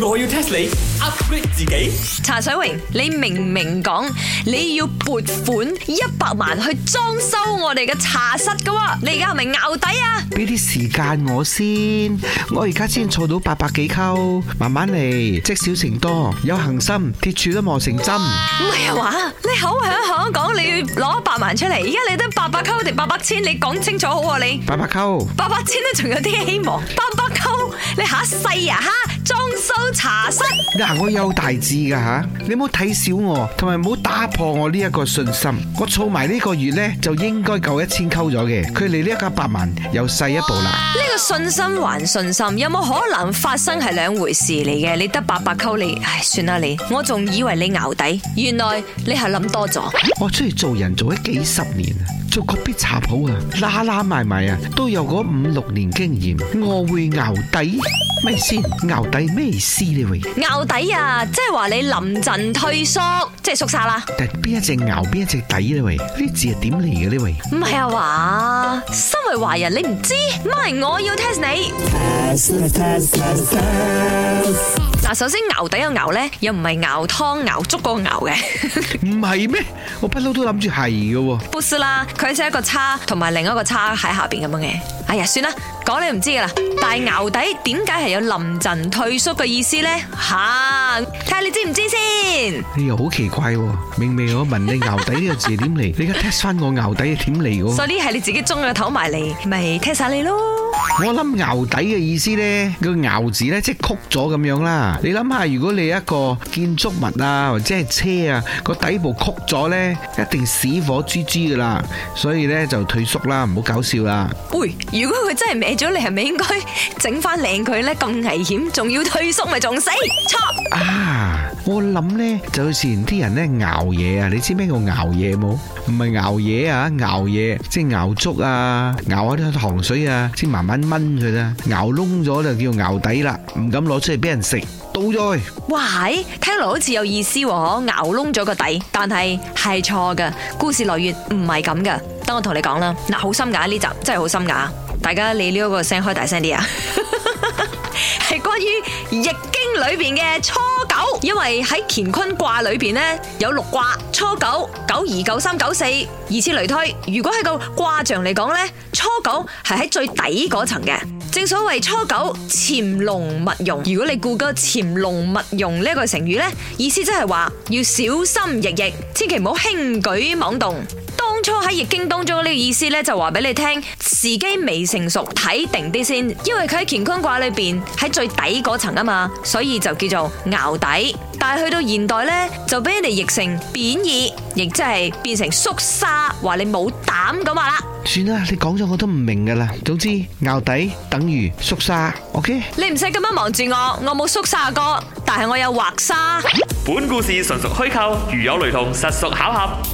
我要 test 你 upgrade 自己。茶水榮，你明明講，你要撥款一百萬去裝修我哋嘅茶室噶？你而家係咪牛底啊？俾啲時間我先，我而家先做到八百幾溝，慢慢嚟，積少成多，有恒心，鐵柱都磨成針。唔係啊嘛，你好響響講你要攞一百萬出嚟，而家你都八百溝定八百千，你講清楚好啊你。八百溝。八百千都仲有啲希望，八百溝，你下一世啊吓？裝修茶室，嗱，我有大志噶吓，你唔好睇小我，同埋唔好打破我呢一個信心。我儲埋呢個月呢，就應該夠一千扣咗嘅，距離呢家八萬又細一步啦。呢個信心還信心，有冇可能發生係兩回事嚟嘅。你得八百扣你，唉，算啦你，我仲以為你淆底，原來你係諗多咗。我出嚟做人做咗幾十年啊，做個必茶鋪啊，拉拉埋埋啊，都有嗰五六年經驗，我會淆底？咩先？牛底咩意思呢？呢位？牛底啊，即係話你臨陣退縮，即係縮晒啦。但係邊一隻牛邊一隻底呢位？呢字係點嚟嘅？呢位唔係啊！嘩，身為華人你唔知？唔係，我要 test 你 test test test test。嗱，首先牛底個牛咧，又唔係牛湯牛粥個牛嘅。唔係咩？我不嬲都諗住係嘅，不是啦，佢寫一個叉同埋另一個叉喺下邊咁樣嘅。哎呀，算啦，講你唔知噶啦。但係牛底點解係有臨陣退縮嘅意思咧？吓，睇下你知唔知先？又好、哎、奇怪，明明我問你牛底呢個字點嚟，你而家 test 翻我牛底係點嚟嘅？所以係你自己中咗頭埋嚟，咪 test 晒你咯。我諗拗底嘅意思咧，個拗字咧即係曲咗咁樣啦。你諗下，如果你一個建築物啊或者係車啊個底部曲咗咧，一定死火豬豬噶啦。所以咧就退縮啦，唔好搞笑啦。喂，如果佢真係歪咗，你係咪應該整翻靚佢咧？咁危險，仲要退縮咪仲死錯啊！我諗咧，就好似啲人咧熬嘢啊，你知咩叫熬嘢冇？唔係熬嘢啊，熬嘢即係熬粥啊，熬下啲糖水啊，即係麻。炆炆佢啫，熬窿咗就叫熬底啦，唔敢攞出嚟俾人食，倒咗去。喂，聽落好似有意思喎，熬窿咗個底，但係係錯嘅。故事來源唔係咁噶，等我同你講啦。嗱，好心㗎呢集，真係好心㗎。大家你呢一個聲開大聲啲啊，係 關於《易經》。裏邊嘅初九，因為喺乾坤卦裏邊呢，有六卦，初九、九二、九三、九四，以此類推。如果係個卦象嚟講呢，初九係喺最底嗰層嘅。正所謂初九潛龍勿用。如果你顧個潛龍勿用呢一個成語呢，意思即係話要小心翼翼，千祈唔好輕舉妄動。初喺易經當中呢個意思咧，就話俾你聽，時機未成熟，睇定啲先。因為佢喺乾坤卦裏邊喺最底嗰層啊嘛，所以就叫做淆底。但係去到現代咧，就俾人哋譯成貶義，亦即係變成縮沙，話你冇膽咁話啦。算啦，你講咗我都唔明噶啦。總之淆底等於縮沙，OK？你唔使咁樣望住我，我冇縮沙過，但係我有畫沙。本故事純屬虛構，如有雷同，實屬巧合。